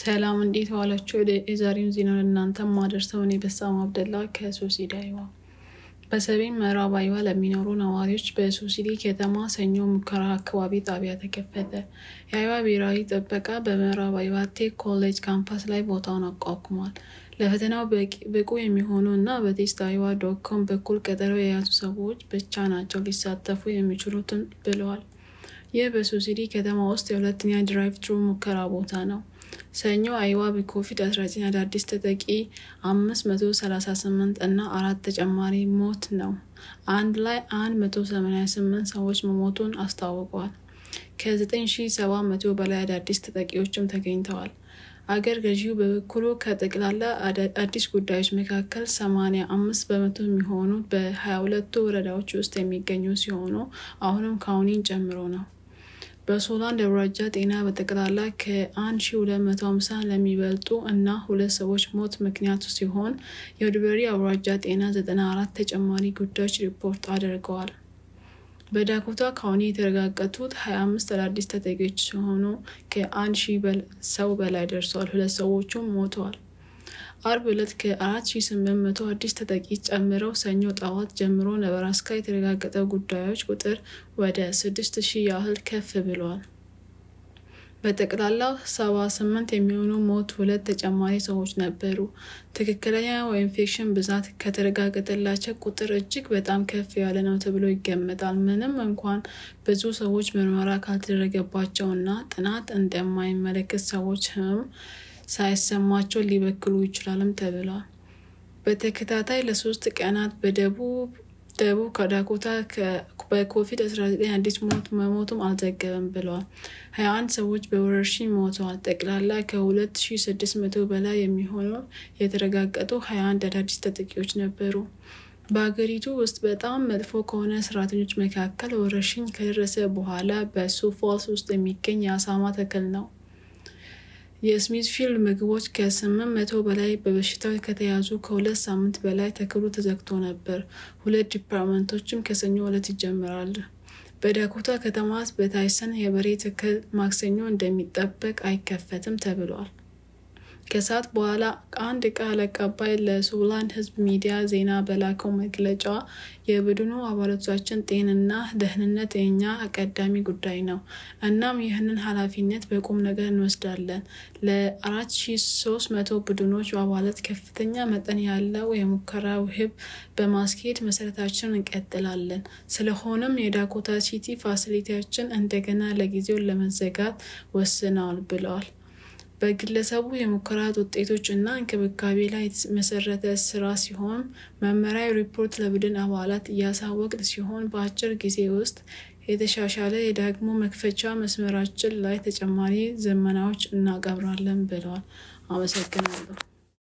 ሰላም እንዴት ዋላችሁ? የዛሬውን ዜና እናንተ ማደርሰው እኔ በሳም አብደላ ከሶሲዳ ዳይዋ። በሰሜን ምዕራብ አይዋ ለሚኖሩ ነዋሪዎች በሶሲዲ ከተማ ሰኞ ሙከራ አካባቢ ጣቢያ ተከፈተ። የአይዋ ብሔራዊ ጥበቃ በምዕራብ አይዋ ቴክ ኮሌጅ ካምፓስ ላይ ቦታውን አቋቁሟል። ለፈተናው ብቁ የሚሆኑ እና በቴስት አይዋ ዶት ኮም በኩል ቀጠሮ የያዙ ሰዎች ብቻ ናቸው ሊሳተፉ የሚችሉትን ብለዋል። ይህ በሱሲዲ ከተማ ውስጥ የሁለተኛ ድራይቭ ትሩ ሙከራ ቦታ ነው። ሰኞ አይዋ በኮቪድ-19 አዳዲስ ተጠቂ 538 እና አራት ተጨማሪ ሞት ነው። አንድ ላይ 188 ሰዎች መሞቱን አስታውቋል። ከ9700 በላይ አዳዲስ ተጠቂዎችም ተገኝተዋል። አገር ገዢው በበኩሉ ከጠቅላላ አዲስ ጉዳዮች መካከል 85 በመቶ የሚሆኑት በ22ቱ ወረዳዎች ውስጥ የሚገኙ ሲሆኑ አሁንም ካውኒን ጨምሮ ነው። በሶላን ደብራጃ ጤና በጠቅላላ ከ1250 ለሚበልጡ እና ሁለት ሰዎች ሞት ምክንያቱ ሲሆን የውድበሪ አውራጃ ጤና 94 ተጨማሪ ጉዳዮች ሪፖርት አድርገዋል። በዳኮታ ካውኒ የተረጋገጡት 25 አዳዲስ ተጠቂዎች ሲሆኑ ከ1000 ሰው በላይ ደርሰዋል። ሁለት ሰዎቹም ሞተዋል። አርብ ዕለት ከ4800 አዲስ ተጠቂ ጨምረው ሰኞ ጠዋት ጀምሮ ነበራስካ የተረጋገጠ ጉዳዮች ቁጥር ወደ 6000 ያህል ከፍ ብሏል። በጠቅላላው 78 የሚሆኑ ሞት ሁለት ተጨማሪ ሰዎች ነበሩ። ትክክለኛ ኢንፌክሽን ብዛት ከተረጋገጠላቸው ቁጥር እጅግ በጣም ከፍ ያለ ነው ተብሎ ይገመታል። ምንም እንኳን ብዙ ሰዎች ምርመራ ካልተደረገባቸውና እና ጥናት እንደማይመለከት ሰዎች ህመም ሳይሰማቸው ሊበክሉ ይችላልም ተብሏል። በተከታታይ ለሶስት ቀናት በደቡብ ደቡብ ከዳኮታ በኮቪድ-19 አዲስ ሞት መሞቱም አልዘገበም ብለዋል። 21 ሰዎች በወረርሽኝ ሞተዋል። ጠቅላላ ከ2600 በላይ የሚሆነው የተረጋገጡ 21 አዳዲስ ተጠቂዎች ነበሩ። በሀገሪቱ ውስጥ በጣም መጥፎ ከሆነ ሰራተኞች መካከል ወረርሽኝ ከደረሰ በኋላ በሱፋልስ ውስጥ የሚገኝ የአሳማ ተክል ነው። የስሚዝ ፊልድ ምግቦች ከስምንት መቶ በላይ በበሽታው ከተያዙ ከሁለት ሳምንት በላይ ተክሉ ተዘግቶ ነበር። ሁለት ዲፓርትመንቶችም ከሰኞ ዕለት ይጀምራል። በዳኮታ ከተማ በታይሰን የበሬ ተክል ማክሰኞ እንደሚጠበቅ አይከፈትም ተብሏል። ከሰዓት በኋላ አንድ ቃል አቀባይ ለሱላን ህዝብ ሚዲያ ዜና በላከው መግለጫ የቡድኑ አባላቶቻችን ጤንና ደህንነት የኛ አቀዳሚ ጉዳይ ነው። እናም ይህንን ኃላፊነት በቁም ነገር እንወስዳለን። ለ4300 ቡድኖች አባላት ከፍተኛ መጠን ያለው የሙከራ ውህብ በማስኬድ መሰረታችን እንቀጥላለን። ስለሆነም የዳኮታ ሲቲ ፋሲሊቲያችን እንደገና ለጊዜው ለመዘጋት ወስነዋል ብለዋል። በግለሰቡ የሙከራት ውጤቶች እና እንክብካቤ ላይ የተመሰረተ ስራ ሲሆን መመሪያ ሪፖርት ለቡድን አባላት እያሳወቅ ሲሆን በአጭር ጊዜ ውስጥ የተሻሻለ የዳግሞ መክፈቻ መስመራችን ላይ ተጨማሪ ዘመናዎች እናቀብራለን ብለዋል። አመሰግናለሁ።